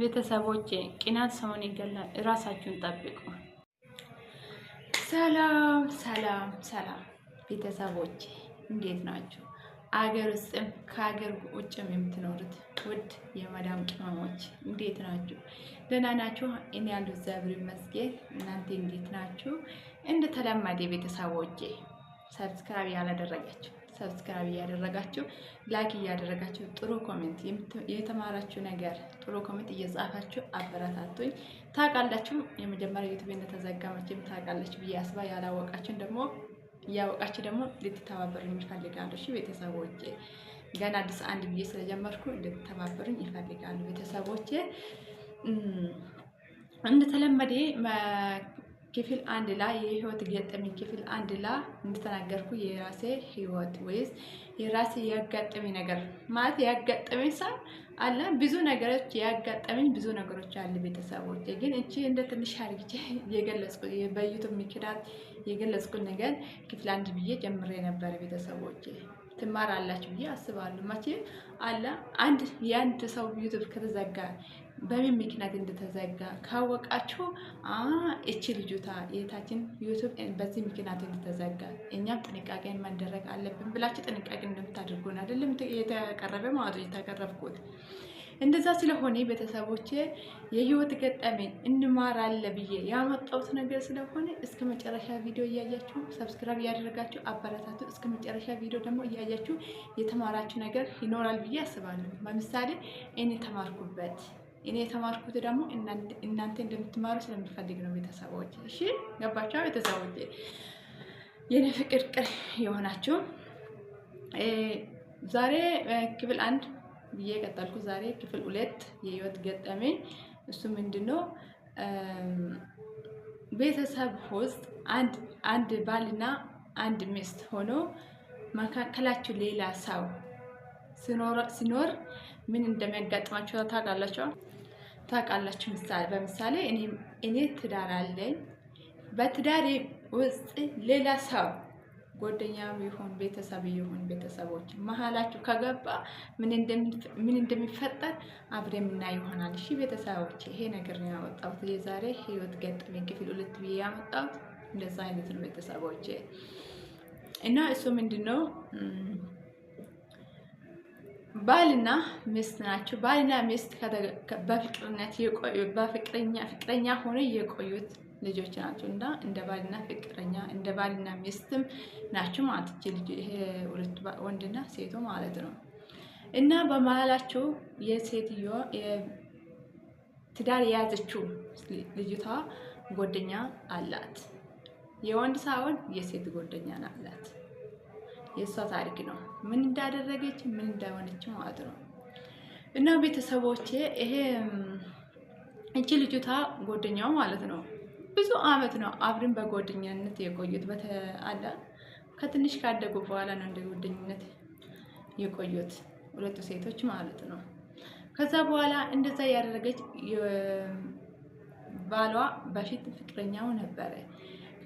ቤተሰቦቼ ቅናት ሰውን ይገላል። እራሳችሁን ጠብቁ። ሰላም ሰላም ሰላም ቤተሰቦቼ እንዴት ናችሁ? አገር ውስጥም ከሀገር ውጭም የምትኖሩት ውድ የመዳም ቅመሞች እንዴት ናችሁ? ደህና ናችሁ? እኔ ያሉ ዘብር መስጌት እናንተ እንዴት ናችሁ? እንደተለመደ ቤተሰቦቼ ሰብስክራይብ ያላደረጋችሁ ሰብስክራይብ እያደረጋችሁ ላይክ እያደረጋችሁ ጥሩ ኮሜንት የተማራችሁ ነገር ጥሩ ኮሜንት እየጻፋችሁ አበረታቱኝ። ታውቃላችሁ የመጀመሪያ ዩቱብ እንደተዘጋመችም ታውቃለች ብዬ አስባ ያላወቃችን ደግሞ እያወቃችሁ ደግሞ ልትተባበሩኝ ይፈልጋሉ። እሺ ቤተሰቦቼ ገና አዲስ አንድ ብዬ ስለጀመርኩ ልትተባበሩኝ ይፈልጋሉ ቤተሰቦቼ እንደተለመደ ክፍል አንድ ላይ የህይወት ገጠመኝ ክፍል አንድ ላይ እንደተናገርኩ የራሴ ህይወት ወይስ የራሴ ያጋጠመኝ ነገር ማለት ያጋጠመኝ ሰው አለ። ብዙ ነገሮች ያጋጠመኝ ብዙ ነገሮች አለ ቤተሰቦች። ግን እቺ እንደ ትንሽ አርግቼ የገለጽኩ በዩቱብ ምክንያት የገለጽኩት ነገር ክፍል አንድ ብዬ ጀምሬ ነበር። ቤተሰቦች ትማራላችሁ ብዬ አስባለሁ። መቼም አለ አንድ የአንድ ሰው ዩቱብ ከተዘጋ በምን ምክንያት እንደተዘጋ ካወቃችሁ እቺ ልጅታ የታችን ዩቱብ በዚህ ምክንያት እንደተዘጋ እኛም ጥንቃቄን መደረግ አለብን ብላችሁ ጥንቃቄ እንደምታደርጉን አይደለም የተቀረበ ማለት የተቀረብኩት እንደዛ ስለሆነ ቤተሰቦቼ የህይወት ገጠመኝ እንማራለ ብዬ ያመጣሁት ነገር ስለሆነ እስከ መጨረሻ ቪዲዮ እያያችሁ ሰብስክራይብ እያደረጋችሁ አበረታቱ። እስከ መጨረሻ ቪዲዮ ደግሞ እያያችሁ የተማራችሁ ነገር ይኖራል ብዬ አስባለሁ። ለምሳሌ እኔ ተማርኩበት እኔ የተማርኩት ደግሞ እናንተ እንደምትማሩ ስለምፈልግ ነው። ቤተሰቦች እሺ፣ ገባቸው። ቤተሰቦች የኔ ፍቅር ቅር የሆናችሁ ዛሬ ክፍል አንድ ብዬ ቀጠልኩ። ዛሬ ክፍል ሁለት የህይወት ገጠመኝ። እሱ ምንድን ነው? ቤተሰብ ውስጥ አንድ ባልና አንድ ሚስት ሆኖ መካከላችሁ ሌላ ሰው ሲኖር ምን እንደሚያጋጥማቸው ታውቃላችሁ? ታውቃላችሁ። ምሳሌ በምሳሌ እኔ ትዳር አለኝ። በትዳሬ ውስጥ ሌላ ሰው ጓደኛም ይሁን ቤተሰብ ይሁን ቤተሰቦች መሀላችሁ ከገባ ምን እንደሚፈጠር አብሬ የምናይ ይሆናል። እሺ ቤተሰቦች፣ ይሄ ነገር ነው ያወጣሁት የዛሬ ህይወት ገጠመኝ ክፍል ሁለት ብዬ ያመጣሁት እንደዛ አይነት ነው ቤተሰቦች እና እሱ ምንድን ነው ባልና ሚስት ናቸው። ባልና ሚስት በፍቅርነት የቆዩ በፍቅረኛ ፍቅረኛ ሆነ የቆዩት ልጆች ናቸው እና እንደ ባልና ፍቅረኛ እንደ ባልና ሚስትም ናቸው ማለት ልጅ ሁለቱ ወንድና ሴቶ ማለት ነው። እና በመሀላቸው የሴትዮዋ ትዳር የያዘችው ልጅቷ ጎደኛ አላት። የወንድ ሳይሆን የሴት ጎደኛ አላት። የእሷ ታሪክ ነው፣ ምን እንዳደረገች ምን እንዳሆነች ማለት ነው። እና ቤተሰቦቼ ይሄ እቺ ልጅቷ ጓደኛው ማለት ነው ብዙ አመት ነው አብሪን በጓደኛነት የቆዩት። በተአለ ከትንሽ ካደጉ በኋላ ነው እንደ ጓደኝነት የቆዩት ሁለቱ ሴቶች ማለት ነው። ከዛ በኋላ እንደዛ ያደረገች ባሏ በፊት ፍቅረኛው ነበረ።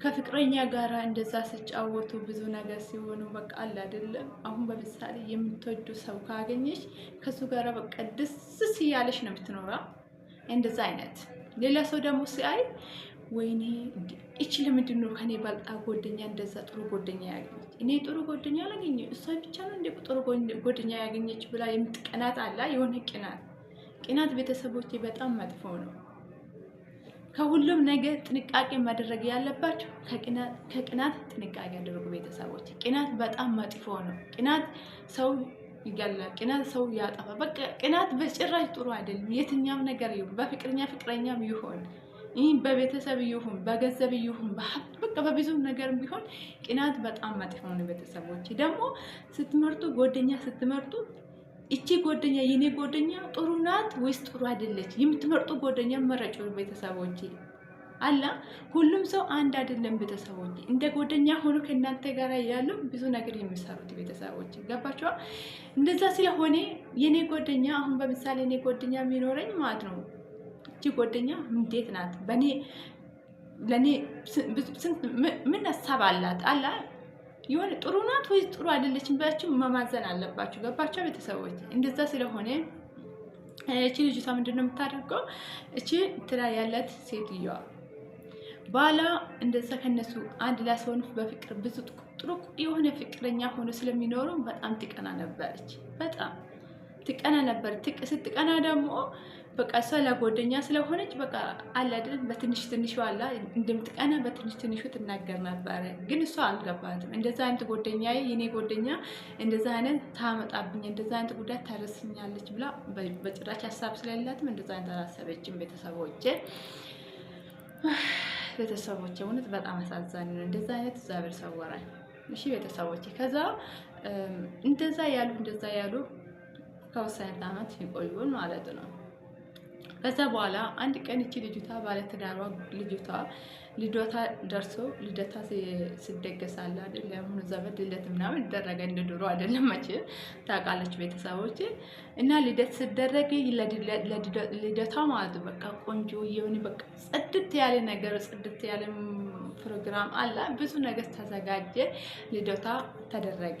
ከፍቅረኛ ጋራ እንደዛ ስጫወቱ ብዙ ነገር ሲሆኑ በቃ አለ አይደለም። አሁን በምሳሌ የምትወዱ ሰው ካገኘሽ ከሱ ጋር በቃ ደስ ሲያለሽ ነው የምትኖራ። እንደዛ አይነት ሌላ ሰው ደግሞ ሲያይ ወይኔ እች ለምንድን ነው ከኔ ባልጣ ጎደኛ እንደዛ ጥሩ ጎደኛ ያገኘች? እኔ ጥሩ ጎደኛ አላገኘ እሷ ብቻ ነው እንደ ጥሩ ጎደኛ ያገኘች ብላ የምትቀናት አላ የሆነ ቅናት ቅናት ቤተሰቦቼ በጣም መጥፎ ነው። ከሁሉም ነገር ጥንቃቄ ማድረግ ያለባቸው ከቅናት ጥንቃቄ ያደረጉ ቤተሰቦች። ቅናት በጣም መጥፎ ነው። ቅናት ሰው ይገላል። ቅናት ሰው ያጠፋ። በቃ ቅናት በጭራሽ ጥሩ አይደለም። የትኛም ነገር ይሁን፣ በፍቅረኛ ፍቅረኛም ይሁን ይህ በቤተሰብ ይሁን በገንዘብ ይሁን በሀብት በቃ በብዙ ነገር ቢሆን ቅናት በጣም መጥፎ ነው። ቤተሰቦች ደግሞ ስትመርጡ ጓደኛ ስትመርጡ እቺ ጓደኛ የኔ ጓደኛ ጥሩ ናት ወይስ ጥሩ አይደለች? የምትመርጡ ጓደኛ መረጭ። ቤተሰቦች አላ ሁሉም ሰው አንድ አይደለም። ቤተሰቦች እንደ ጓደኛ ሆኖ ከእናንተ ጋር ያሉ ብዙ ነገር የሚሰሩት ቤተሰቦች ገባቸዋ። እንደዛ ስለሆነ የኔ ጓደኛ አሁን በምሳሌ እኔ ጓደኛ የሚኖረኝ ማለት ነው። እቺ ጓደኛ እንዴት ናት? በእኔ ለእኔ ምን ሀሳብ አላት አላ የሆነ ጥሩ ናት ወይ ጥሩ አይደለችም ብላችሁ መማዘን አለባችሁ። ገባችሁ ቤተሰቦች? እንደዛ ስለሆነ እቺ ልጅቷ ምንድን ነው የምታደርገው? እቺ ትላ ያላት ሴትዮዋ ባሏ እንደዛ ከነሱ አንድ ላይ ሲሆኑ በፍቅር ብዙ ጥሩ የሆነ ፍቅረኛ ሆኖ ስለሚኖሩ በጣም ትቀና ነበረች። በጣም ትቀና ነበረች። ስትቀና ደግሞ በቃ እሷ ለጓደኛ ስለሆነች በቃ አላደለም በትንሽ ትንሽ ዋላ እንደምትቀና በትንሽ ትንሹ ትናገር ነበረ። ግን እሷ አልገባትም። እንደዛ አይነት ጓደኛ የኔ ጓደኛ እንደዛ አይነት ታመጣብኝ እንደዛ አይነት ጉዳት ታደርስኛለች ብላ በጭራች ሀሳብ ስለሌላትም እንደዛ አይነት አላሰበችም። ቤተሰቦች ቤተሰቦች እውነት በጣም አሳዛኝ ነው። እንደዛ አይነት እግዚአብሔር ሰወራል። እሺ ቤተሰቦች፣ ከዛ እንደዛ ያሉ እንደዛ ያሉ ከወሰነት አመት ይቆዩን ማለት ነው ከዛ በኋላ አንድ ቀን እቺ ልጅቷ ባለትዳሯ ልጅቷ ልደታ ደርሶ ልደታ ስደገሳለ አይደለም ዘመድ ልደት ምናምን ይደረገ እንደ ድሮ አይደለም መቼ ታውቃለች ቤተሰቦች እና ልደት ስደረግ ልደቷ ማለት በቃ ቆንጆ የሆነ በቃ ጽድት ያለ ነገር ጽድት ያለ ፕሮግራም አላ ብዙ ነገር ተዘጋጀ ልደቷ ተደረገ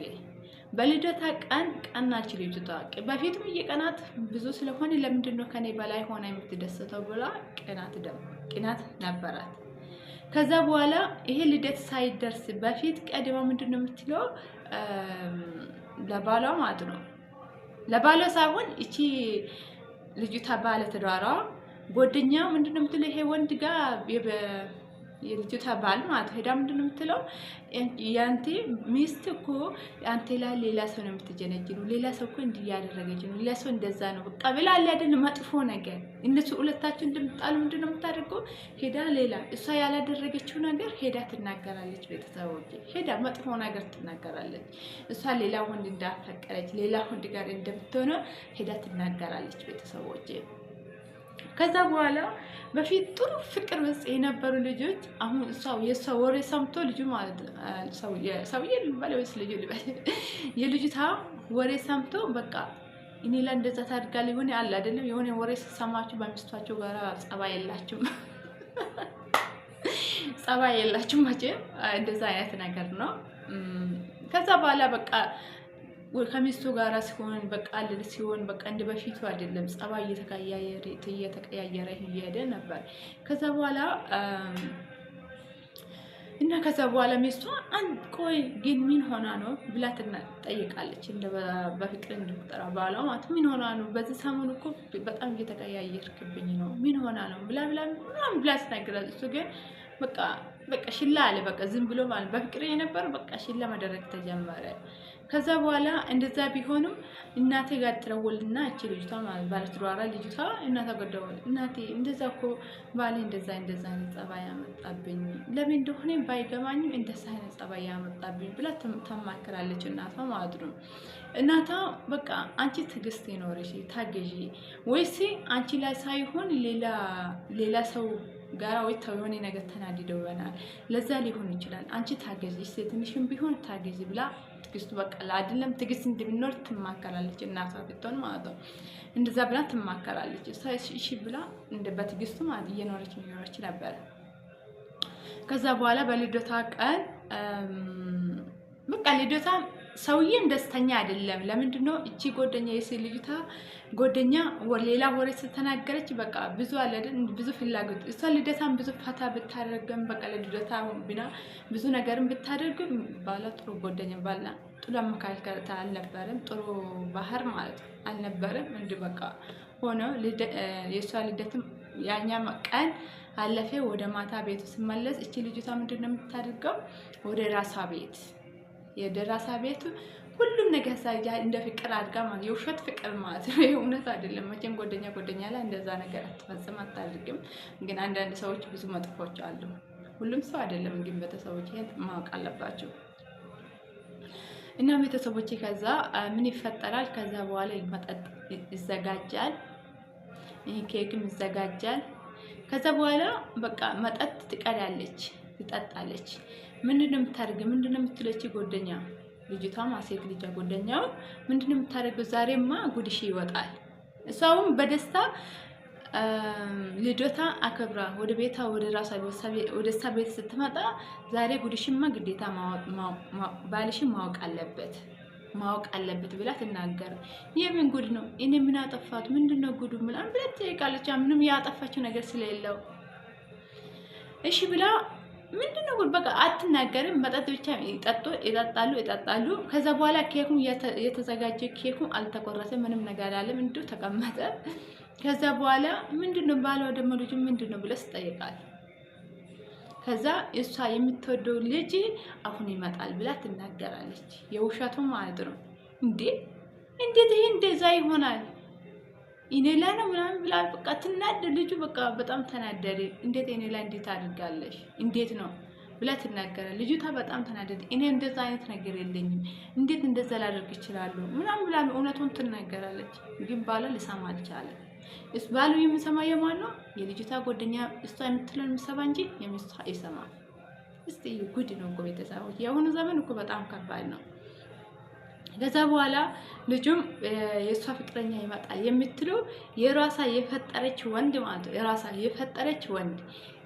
በልደታ ቀን ቀናች ታዋቂ በፊትም እየቀናት ብዙ ስለሆነ ለምንድን ነው ከኔ በላይ ሆና የምትደሰተው ብላ ቅናት ቅናት ነበራት። ከዛ በኋላ ይሄ ልደት ሳይደርስ በፊት ቀድማ ምንድን ነው የምትለው ለባሏ ማለት ነው። ለባሏ ሳይሆን እቺ ልጅቷ ባለ ትዳሯ ጓደኛ ምንድን ነው የምትለው ይሄ ወንድ ጋር የልጅቷ ባል ማለት ሄዳ ምንድን ነው የምትለው? ያንቴ ሚስት እኮ አንቴ ላይ ሌላ ሰው ነው ነው። ሌላ ሰው እኮ እንዲህ እያደረገች ነው፣ ሌላ ሰው እንደዛ ነው በቃ ብላ አላደን መጥፎ ነገር እነሱ ሁለታቸው እንደምጣሉ ምንድን ነው የምታደርገው? ሄዳ ሌላ እሷ ያላደረገችው ነገር ሄዳ ትናገራለች። ቤተሰቦች ሄዳ መጥፎ ነገር ትናገራለች። እሷ ሌላ ወንድ እንዳፈቀረች ሌላ ወንድ ጋር እንደምትሆነ ሄዳ ትናገራለች። ቤተሰቦች ከዛ በኋላ በፊት ጥሩ ፍቅር ውስጥ የነበሩ ልጆች አሁን ሰው የእሷ ወሬ ሰምቶ ልጁ ማለት ሰውዬ ልበል ወይስ ልጁ ልበል የልጅቷ ወሬ ሰምቶ በቃ እኔ ላይ እንደዛ ታድጋለህ የሆነ አለ አይደለም የሆነ ወሬ ስትሰማችሁ በሚስቷቸው ጋር ጸባይ የላችሁም ጸባይ የላችሁም መቼ እንደዛ አይነት ነገር ነው ከዛ በኋላ በቃ ከሚስቱ ጋር ሲሆን በቃ ሲሆን በቃ እንደ በፊቱ አይደለም፣ ጸባይ እየተቀያየረ እየሄደ ነበር። ከዛ በኋላ እና ከዛ በኋላ ሚስቷ አንድ ቆይ ግን ምን ሆና ነው ብላ ትጠይቃለች። እንደ በፍቅር እንድትጠራ ባሏ ማለት ምን ሆና ነው በዚህ ሰሞን እኮ በጣም እየተቀያየርክብኝ ነው ምን ሆና ነው ብላ ብላ ምናምን ብላ ትናገራለች። እሱ ግን በቃ በቃ ሽላ አለ። በቃ ዝም ብሎ ማለት በፍቅር የነበረ በቃ ሽላ መደረግ ተጀመረ። ከዛ በኋላ እንደዛ ቢሆንም እናቴ ጋር ትደውልና እቺ ልጅቷ ማለት ባለትዳሯ ልጅቷ እናቷ ጋር ደወል፣ እናቴ እንደዛ እኮ ባሌ እንደዛ እንደዛ አይነት ጸባይ ያመጣብኝ ለምን እንደሆነ ባይገባኝም እንደዛ አይነት ጸባይ ያመጣብኝ ብላ ተማክራለች እናቷ ማለት ነው። እናቷ በቃ አንቺ ትግስት ይኖርሽ ታገዢ፣ ወይስ አንቺ ላይ ሳይሆን ሌላ ሰው ጋራ ወጥተው የሆነ ነገር ተናድደው ይሆናል። ለዛ ሊሆን ይችላል። አንቺ ታገዚ፣ ትንሽም ቢሆን ታገዚ ብላ ትግስት በቃ አይደለም ትግስት እንድብኖር ትማከራለች። እናቷ ብትሆን ማለት ነው እንደዛ ብላ ትማከራለች። እሺ ብላ እንደ በትግስቱ ማለት እየኖረች እየኖረች ነበረ። ከዛ በኋላ በልደቷ ቀን በቃ ልደቷ ሰውዬም ደስተኛ አይደለም። ለምንድን ነው እቺ ጎደኛ የሴ ልጅቷ ጎደኛ ሌላ ወሬ ስተናገረች በቃ ብዙ አለ ብዙ ፍላጎት እሷ ልደታን ብዙ ፈታ ብታደርግም በቃ ለልደታ ቢና ብዙ ነገርን ብታደርግም ባላ ጥሩ ጎደኛ ባላ ጥሩ አመካከል አልነበረም። ጥሩ ባህር ማለት አልነበረም። እንዲ በቃ ሆኖ የእሷ ልደትም ያኛ ቀን አለፈ። ወደ ማታ ቤቱ ስመለስ እቺ ልጅቷ ምንድን ነው የምታደርገው ወደ ራሷ ቤት የደራሳ ቤት ሁሉም ነገር ሳያ እንደ ፍቅር አድጋ ማለት የውሸት ፍቅር ማለት ነው። የእውነት እውነት አይደለም። መቼም ጓደኛ ጓደኛ ላይ እንደዛ ነገር አትፈጽም አታድርግም። ግን አንዳንድ ሰዎች ብዙ መጥፎች አሉ። ሁሉም ሰው አይደለም። ግን ቤተሰቦች ይሄን ማወቅ አለባቸው። እና ቤተሰቦች ከዛ ምን ይፈጠራል? ከዛ በኋላ መጠጥ ይዘጋጃል፣ ኬክም ይዘጋጃል። ከዛ በኋላ በቃ መጠጥ ትቀዳለች፣ ትጠጣለች። ምንድነው የምታደርገ ምንድነው የምትለች ጓደኛ ልጅቷ ማሴት ልጃ ጓደኛው ምንድነው የምታደርገው? ዛሬማ ጉድሽ ይወጣል። እሷውም በደስታ ልጆታ አከብራ ወደ ቤታ ወደ ራሷ ወደ እሷ ቤት ስትመጣ ዛሬ ጉድሽማ ግዴታ ባልሽን ማወቅ አለበት ማወቅ አለበት ብላ ትናገር። የምን ጉድ ነው? እኔ ምን አጠፋት? ምንድን ነው ጉዱ? ምናምን ብለት ትጠይቃለች። ምንም ያጠፋችው ነገር ስለሌለው እሺ ብላ ምንድነው ግን በቃ አትናገርም። መጠጥ ብቻ ጠጦ ይጠጣሉ ይጠጣሉ። ከዛ በኋላ ኬኩ የተዘጋጀ ኬኩ አልተቆረሰ ምንም ነገር አላለም፣ እንዲሁ ተቀመጠ። ከዛ በኋላ ምንድነው ነው ባለው ደግሞ ልጁ ምንድን ነው ስጠይቃል። ከዛ እሷ የምትወደው ልጅ አሁን ይመጣል ብላ ትናገራለች። የውሸቱ ማለት ነው እንዴ! እንዴት ይሄ እንደዛ ይሆናል? እኔ ላይ ነው ምናምን ብላ በቃ ትናደር ልጁ በቃ በጣም ተናደደ። እንዴት እኔ ላይ እንዴት አድርጋለሽ? እንዴት ነው ብላ ትናገራል። ልጅቷ በጣም ተናደደ። እኔ እንደዛ አይነት ነገር የለኝም፣ እንዴት እንደዛ ላደርግ ይችላሉ ምናምን ብላ እውነቱን ትናገራለች። ግን ባለ ልሰማ አልቻለ እሱ ባሉ የምሰማ የማን ነው? የልጅቷ ጓደኛ እሷ የምትለው የሚሰማ እንጂ የሚስቷ ይሰማል። እስቲ ጉድ ነው እኮ ቤተሰቦች፣ የአሁኑ ዘመን እኮ በጣም ከባድ ነው። ከዛ በኋላ ልጁም የእሷ ፍቅረኛ ይመጣል የምትለው የራሳ የፈጠረች ወንድ ማለት ነው። የራሳ የፈጠረች ወንድ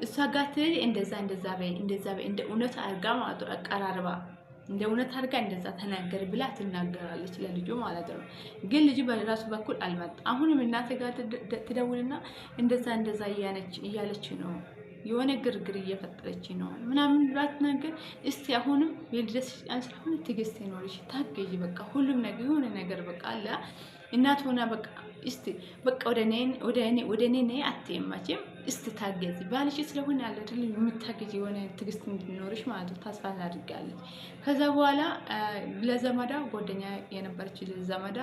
እሷ ጋር ትሄድ እንደዛ እንደዛ በይ እንደዛ በይ እንደ እውነት አድርጋ ማለት ነው አቀራርባ እንደ እውነት አድርጋ እንደዛ ተናገር ብላ ትናገራለች ለልጁ ማለት ነው። ግን ልጁ በራሱ በኩል አልመጣ። አሁንም እናተ ጋር ትደውልና እንደዛ እንደዛ እያለች ነው የሆነ ግርግር እየፈጠረች ነው ምናምን ብላት ነገር እስቲ አሁንም የልደት ቀን ስለሆነ ትግስት ይኖርሽ፣ ታገዥ በቃ ሁሉም ነገር የሆነ ነገር በቃ አለ እናት ሆና በቃ እስቲ በቃ ወደ እኔ ወደ እኔ ነይ አትይም እስቲ ታገዝ ባልሽ ስለሆነ ያለ ድል የምታገጂ የሆነ ትግስት እንድኖርሽ ማለት ነው ተስፋ እናድርጋለች። ከዛ በኋላ ለዘመዳ ጓደኛ የነበረች ለዘመዳ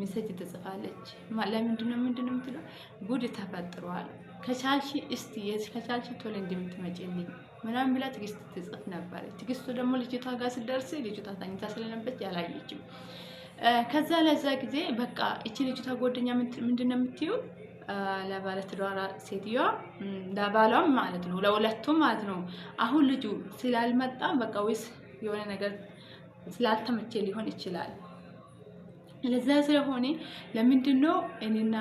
ሚሰጅ ትጽፋለች። ለምንድነው ምንድነው የምትለው ጉድ ተፈጥሯል ከቻልሽ እስቲ ከቻልሽ ቶሎ እንደምትመጪልኝ ምናምን ብላ ትግስት ትጽፍ ነበረ። ትግስቱ ደግሞ ልጅቷ ጋር ስደርስ ልጅቷ ታኝታ ስለነበች ያላየችም። ከዛ ለዛ ጊዜ በቃ እቺ ልጅቷ ጓደኛ ምንድን ነው የምትይው ለባለ ሴትዮዋ ለባሏም ማለት ነው ለሁለቱም ማለት ነው። አሁን ልጁ ስላልመጣ በቃ ወይስ የሆነ ነገር ስላልተመቼ ሊሆን ይችላል። ለዛ ስለሆነ ለምንድን ነው እኔና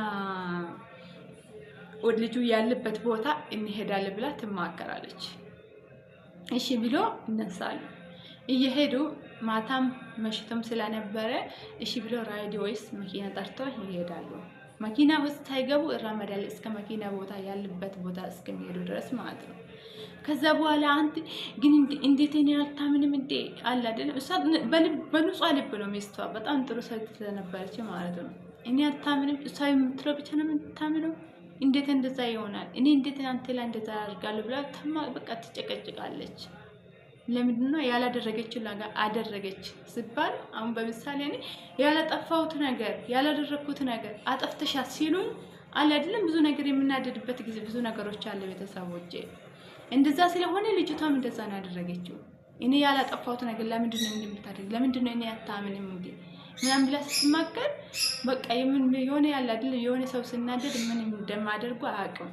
ወደ ልጁ ያለበት ቦታ እንሄዳለን ብላ ትማከራለች። እሺ ብሎ ይነሳሉ። እየሄዱ ማታም መሽቶም ስለነበረ እሺ ብሎ ራይድ ወይስ መኪና ጠርቶ ይሄዳሉ። መኪና ውስጥ ሳይገቡ እራመዳል እስከ መኪና ቦታ ያለበት ቦታ እስከሚሄዱ ድረስ ማለት ነው። ከዛ በኋላ አንድ ግን እንዴት ኔ አታምንም እንዴ አለ አይደል? እሷ በንጹህ ልብ ነው ሚስቷ፣ በጣም ጥሩ ሰው ስለነበረች ማለት ነው። እኔ አታምንም እሷ የምትለው ብቻ ነው የምታምነው እንዴት እንደዛ ይሆናል? እኔ እንዴት አንተ ላይ እንደዛ ያደርጋል ብላ ተማ በቃ ትጨቀጭቃለች። ለምንድን ነው ያላደረገችው ላጋ አደረገች ስባል፣ አሁን በምሳሌ እኔ ያላጠፋሁት ነገር ያላደረግኩት ነገር አጠፍተሻት ሲሉኝ አለ አይደለም፣ ብዙ ነገር የምናደድበት ጊዜ ብዙ ነገሮች አለ። ቤተሰቦቼ እንደዛ ስለሆነ ልጅቷም እንደዛ ነው ያደረገችው። እኔ ያላጠፋሁት ነገር ለምንድን ነው እንደምታደርግ? ለምንድን ነው እኔ አታምንም እንዴ? ምናምን ብላ ስትማከር በቃ የምን የሆነ ያለ አይደል የሆነ ሰው ስናደድ ምን እንደማደርጉ አያውቅም።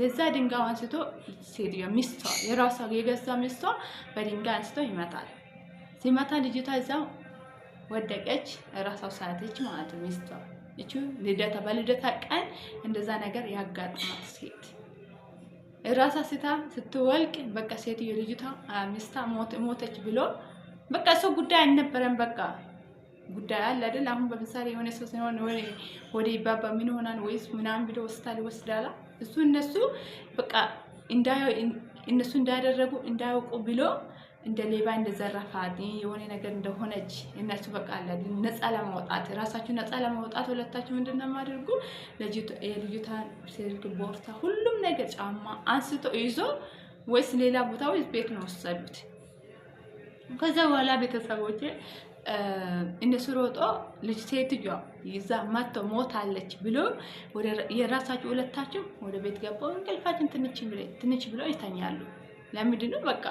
ለዛ ድንጋይ አንስቶ ሴትዮ ሚስቷ የራሷ የገዛ ሚስቷ በድንጋይ አንስቶ ይመታል። ሲመታ ልጅቷ እዛው ወደቀች፣ ራሷው ሳተች ማለት ነው። ሚስቷ እቺ ልደታ በልደታ ቀን እንደዛ ነገር ያጋጥማት ሴት ራሳ ስታ ስትወልቅ በቃ ሴትዮ ልጅቷ ሚስታ ሞተች ብሎ በቃ ሰው ጉዳይ አልነበረም በቃ ጉዳይ አለ አይደል? አሁን በምሳሌ የሆነ ሰው ሲሆን ወደ ይባባ ምን ይሆናል ወይስ ምናምን ብሎ ሆስፒታል ይወስዳላ። እሱ እነሱ በቃ እነሱ እንዳያደረጉ እንዳያውቁ ብሎ እንደ ሌባ እንደዘረፋት የሆነ ነገር እንደሆነች እነሱ በቃ አለ ነፃ ለማውጣት ራሳችሁ ነፃ ለማውጣት ሁለታችሁ ምንድን ነው የማደርጉ የልጅቷ ስልክ፣ ቦርሳ፣ ሁሉም ነገር ጫማ አንስቶ ይዞ ወይስ ሌላ ቦታ ወይስ ቤት ነው ወሰዱት። ከዛ በኋላ ቤተሰቦቼ እነሱ ሮጦ ልጅ ሴትዮዋ ይዛ መጥቶ ሞታለች ብሎ የራሳቸው ሁለታቸው ወደ ቤት ገባው እንቅልፋችን ትንሽ ብሎ ይተኛሉ። ለምንድን ነው በቃ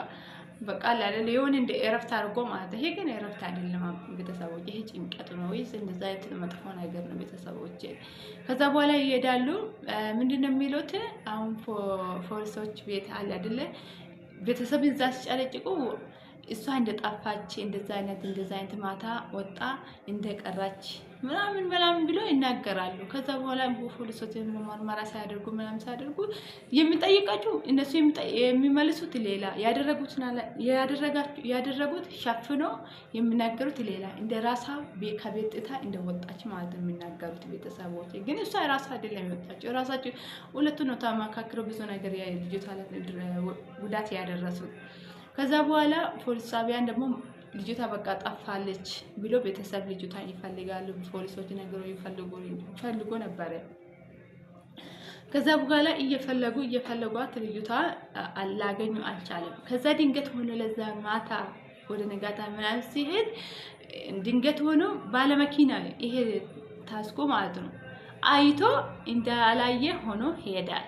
በቃ ላለ የሆነ እንደ እረፍት አድርጎ ማለት ይሄ ግን እረፍት አይደለም ቤተሰቦች፣ ይሄ ጭንቀት ነው ወይስ እንደዛ አይነት መጥፎ ነገር ነው ቤተሰቦች። ከዛ በኋላ ይሄዳሉ። ምንድን ነው የሚሉት አሁን ፖሊሶች ቤት አለ አይደለ ቤተሰብን እዛ ሲጨለጭቁ እሷ እንደጠፋች እንደዛ አይነት እንደዛ አይነት ማታ ወጣ እንደቀራች ምናምን ምናምን ብሎ ይናገራሉ። ከዛ በኋላ ፖሊሶች መመርመራ ሳያደርጉ ምናምን ሳያደርጉ የሚጠይቃቸው እነሱ የሚመልሱት ሌላ፣ ያደረጉት ሸፍኖ የሚናገሩት ሌላ። እንደ ራሳ ከቤጥታ እንደወጣች ማለት ነው የሚናገሩት ቤተሰቦች። ግን እሷ ራሳ አይደለም የወጣቸው ራሳቸው ሁለቱ ነው ተመካክረው ብዙ ነገር ጉዳት ያደረሱት ከዛ በኋላ ፖሊስ ጣቢያን ደግሞ ልጅቷ በቃ ጠፋለች ብሎ ቤተሰብ ልጅቷን ይፈልጋሉ። ፖሊሶች ነገሮ ይፈልጉ ነበረ። ከዛ በኋላ እየፈለጉ እየፈለጓት ልጅቷ አላገኙ አልቻለም። ከዛ ድንገት ሆኖ ለዛ ማታ ወደ ነጋታ ምናምን ሲሄድ ድንገት ሆኖ ባለመኪና ይሄ ታስቆ ማለት ነው አይቶ እንዳላየ ሆኖ ሄዳል።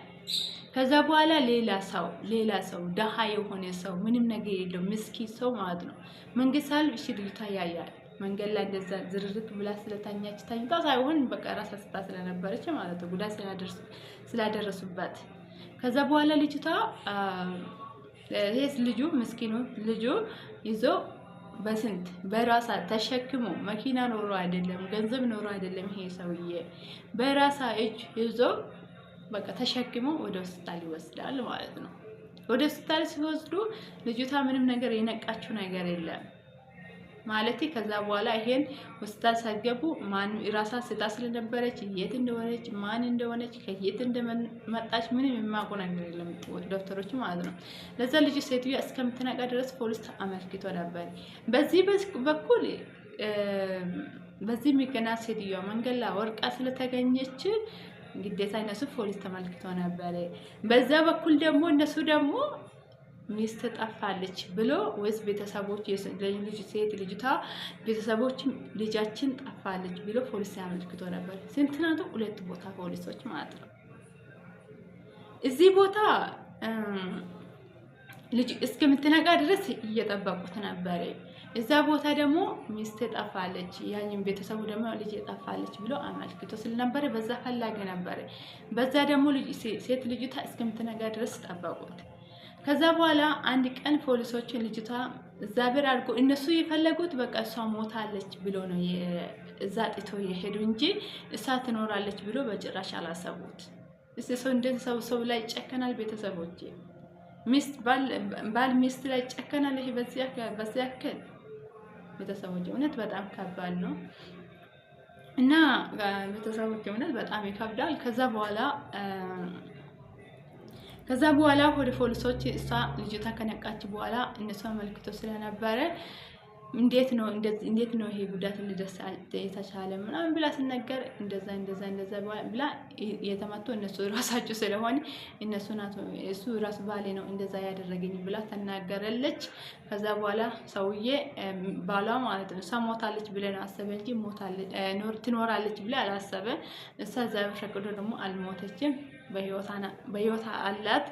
ከዛ በኋላ ሌላ ሰው ሌላ ሰው ደሃ የሆነ ሰው ምንም ነገር የለው ምስኪን ሰው ማለት ነው። መንገድ ሳልፍ እሺ ልጅቷ ያያል መንገድ ላይ እንደዛ ዝርርት ብላ ስለታኛች ታኝታ ሳይሆን በቃ ራስ አስታ ስለነበረች ማለት ነው ጉዳት ስላደረሱባት። ከዛ በኋላ ልጅቷ ይሄስ ልጁ ምስኪኑ ልጁ ይዞ በስንት በራሳ ተሸክሞ መኪና ኖሮ አይደለም ገንዘብ ኖሮ አይደለም ይሄ ሰውዬ በራሳ እጅ ይዞ በቃ ተሸክሞ ወደ ሆስፒታል ይወስዳል ማለት ነው። ወደ ሆስፒታል ሲወስዱ ልጅቷ ምንም ነገር የነቃችው ነገር የለም ማለት ከዛ በኋላ ይሄን ሆስፒታል ሳገቡ ማን ራሳ ስታ ስለነበረች የት እንደሆነች ማን እንደሆነች ከየት እንደመጣች ምንም የማውቁ ነገር የለም ዶክተሮች ማለት ነው። ለዛ ልጅ ሴትዮ እስከምትነቃ ድረስ ፖሊስ አመልክቶ ነበር። በዚህ በኩል በዚህ የሚገና ሴትዮዋ መንገድ ላይ ወርቃ ስለተገኘች ግዴታ እነሱ ፖሊስ ተመልክቶ ነበረ። በዛ በኩል ደግሞ እነሱ ደግሞ ሚስት ጠፋለች ብሎ ወይስ ቤተሰቦች ልጅ ሴት ልጅቷ ቤተሰቦች ልጃችን ጠፋለች ብሎ ፖሊስ ያመልክቶ ነበር። ስንትናቱ ሁለት ቦታ ፖሊሶች ማለት ነው። እዚህ ቦታ ልጅ እስከምትነቃ ድረስ እየጠበቁት ነበረ። እዛ ቦታ ደግሞ ሚስት ጠፋለች፣ ያኝም ቤተሰቡ ደግሞ ልጅ ጠፋለች ብሎ አመልክቶ ስለነበረ በዛ ፈላጊ ነበረ። በዛ ደግሞ ሴት ልጅቷ እስከምትነጋ ድረስ ጠበቁት። ከዛ በኋላ አንድ ቀን ፖሊሶችን ልጅቷ እዛ አድርጎ እነሱ የፈለጉት በቃ እሷ ሞታለች ብሎ ነው እዛ ጥቶ የሄዱ እንጂ እሷ ትኖራለች ብሎ በጭራሽ አላሰቡት። እስቲ ሰው እንደ ሰው ሰው ላይ ይጨከናል ቤተሰቦች ሚስት ባል ሚስት ላይ ይጨከናል። ይሄ በዚያ ያክል ቤተሰቦች እውነት በጣም ከባድ ነው እና ቤተሰቦች እውነት በጣም ይከብዳል። ከዛ በኋላ ከዛ በኋላ ወደ ፖሊሶች እሷ ልጅቷ ከነቃች በኋላ እነሱ አመልክቶ ስለነበረ እንዴት ነው እንዴት ነው ይሄ ጉዳት ልደርስ የተቻለ ምናምን ብላ ስነገር እንደዛ እንደዛ እንደዛ ብላ የተመቶ እነሱ ራሳቸው ስለሆነ እነሱ እሱ ራሱ ባሌ ነው እንደዛ ያደረገኝ ብላ ተናገረለች። ከዛ በኋላ ሰውዬ ባሏ ማለት ነው እሷ ሞታለች ብለን አሰበ እንጂ ትኖራለች ብለ አላሰበ። እሷ እዛ በሸቅዶ ደግሞ አልሞተችም፣ በህይወት አላት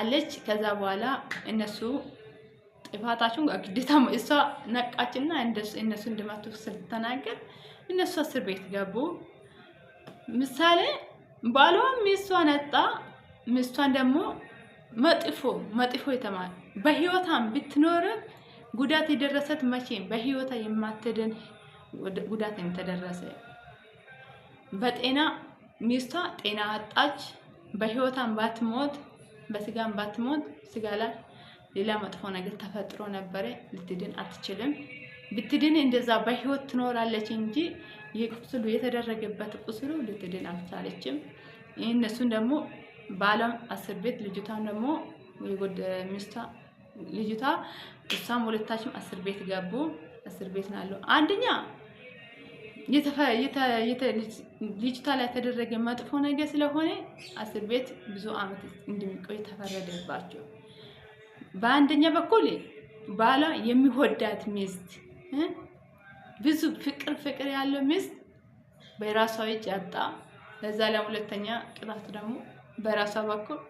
አለች። ከዛ በኋላ እነሱ ጥፋታችሁን ግዴታ እሷ ነቃችና እነሱ እንደመቱ ስትናገር እነሱ እስር ቤት ገቡ። ምሳሌ ባሏ ሚስቷ ነጣ፣ ሚስቷን ደግሞ መጥፎ መጥፎ የተማለ በህይወታም ብትኖርም ጉዳት የደረሰት መቼም በህይወታ የማትድን ጉዳት የተደረሰ በጤና ሚስቷ ጤና አጣች። በህይወታም ባትሞት በስጋም ባትሞት ስጋ ላይ ሌላ መጥፎ ነገር ተፈጥሮ ነበረ። ልትድን አትችልም። ብትድን እንደዛ በህይወት ትኖራለች እንጂ ይህ ቁስሉ የተደረገበት ቁስሉ ልትድን አልቻለችም። እነሱን ደግሞ በአለም አስር ቤት ልጅቷን ደግሞ ወደ ሚስቷ ልጅቷ እሷም ሁለታችም አስር ቤት ገቡ። አስር ቤት ናለው አንደኛ ልጅቷ ላይ የተደረገ መጥፎ ነገር ስለሆነ አስር ቤት ብዙ አመት እንደሚቆይ ተፈረደባቸው። በአንደኛ በኩል ባሏ የሚወዳት ሚስት ብዙ ፍቅር ፍቅር ያለው ሚስት በራሷ እጅ ያጣ ለዛ ላይ ሁለተኛ ቅጣት ደግሞ በራሷ በኩል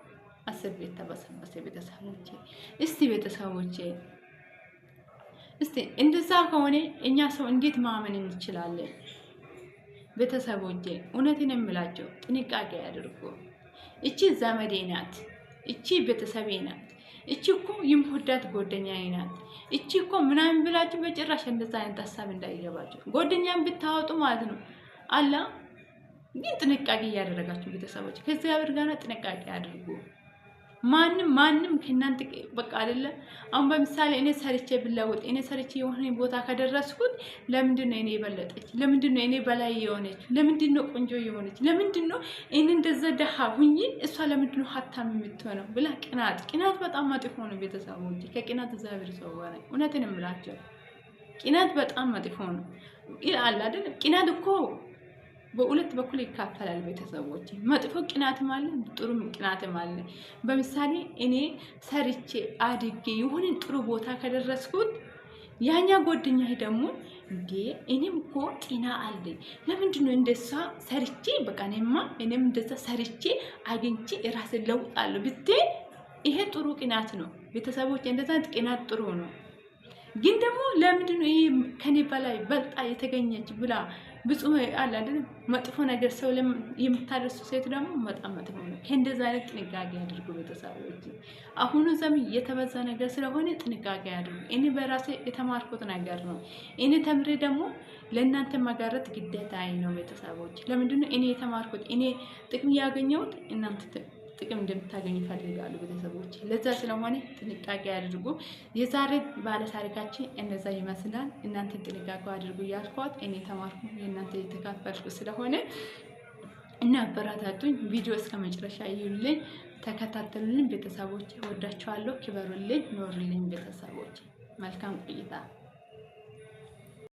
አስር ቤት ተበሰበሰ። ቤተሰቦቼ እስቲ ቤተሰቦቼ እስቲ እንደዛ ከሆነ እኛ ሰው እንዴት ማመን እንችላለን? ቤተሰቦቼ እውነትን የምላቸው ጥንቃቄ ያድርጉ። እቺ ዘመዴ ናት፣ እቺ ቤተሰቤ ናት። እቺ እኮ የምወዳት ጓደኛዬ ናት፣ እቺ እኮ ምናምን ብላችሁ በጭራሽ እንደዛ አይነት ሀሳብ እንዳይገባችሁ። ጎደኛን ብታወጡ ማለት ነው አላ ግን ጥንቃቄ እያደረጋችሁ ቤተሰቦች ከእግዚአብሔር ጋር ጥንቃቄ አድርጉ። ማንም ማንም ከእናንተ በቃ አይደለ። አሁን በምሳሌ እኔ ሰርቼ ብለወጥ እኔ ሰርቼ የሆነ ቦታ ከደረስኩት ለምንድን ነው እኔ የበለጠች? ለምንድን ነው እኔ በላይ የሆነች? ለምንድን ነው ቆንጆ የሆነች? ለምንድን ነው እኔ እንደዛ ደሃ ሁኝ እሷ ለምንድን ነው ሀብታም የምትሆነው ብላ ቅናት፣ ቅናት በጣም መጥፎ ነው። ቤተሰቦች ከቅናት እግዚአብሔር ሰው ጋር እውነትን የምላቸው ቅናት በጣም መጥፎ ነው ይላል አይደል? ቅናት እኮ በሁለት በኩል ይካፈላል። ቤተሰቦች መጥፎ ቅናትም አለ፣ ጥሩ ቅናትም አለ። በምሳሌ እኔ ሰርቼ አድጌ የሆንን ጥሩ ቦታ ከደረስኩት ያኛ ጓደኛ ደግሞ እንዴ እኔም እኮ ጤና አለኝ ለምንድን ነው እንደሷ ሰርቼ በቃ እኔማ እኔም እንደዛ ሰርቼ አግኝቼ ራስን ለውጣለሁ ብቴ ይሄ ጥሩ ቅናት ነው። ቤተሰቦች እንደዛ ቅናት ጥሩ ነው። ግን ደግሞ ለምንድን ነው ይሄ ከኔ በላይ በልጣ የተገኘች ብላ ብፁ አለ አይደለም። መጥፎ ነገር ሰው የምታደርሱ ሴት ደግሞ በጣም መጥፎ ነው። ይህ እንደዛ አይነት ጥንቃቄ አድርጉ ቤተሰቦች። አሁኑ ዘመን የተበዛ ነገር ስለሆነ ጥንቃቄ አድርጉ። እኔ በራሴ የተማርኩት ነገር ነው። እኔ ተምሬ ደግሞ ለእናንተ መጋረት ግዴታ ነው ቤተሰቦች። ለምንድነው እኔ የተማርኩት እኔ ጥቅም ያገኘሁት እናንተ ጥቅም እንደምታገኙ ይፈልጋሉ ቤተሰቦች። ለዛ ስለሆነ ጥንቃቄ አድርጉ። የዛሬ ባለታሪካችን እነዛ ይመስላል። እናንተን ጥንቃቄ አድርጉ እያልኳት እኔ ተማርኩ የእናንተ የተካፈልኩ ስለሆነ እና አበረታቱኝ። ቪዲዮ እስከ መጨረሻ ይዩልኝ፣ ተከታተሉልኝ። ቤተሰቦች ወዳችኋለሁ። ክበሩልኝ፣ ኖሩልኝ። ቤተሰቦች መልካም ቆይታ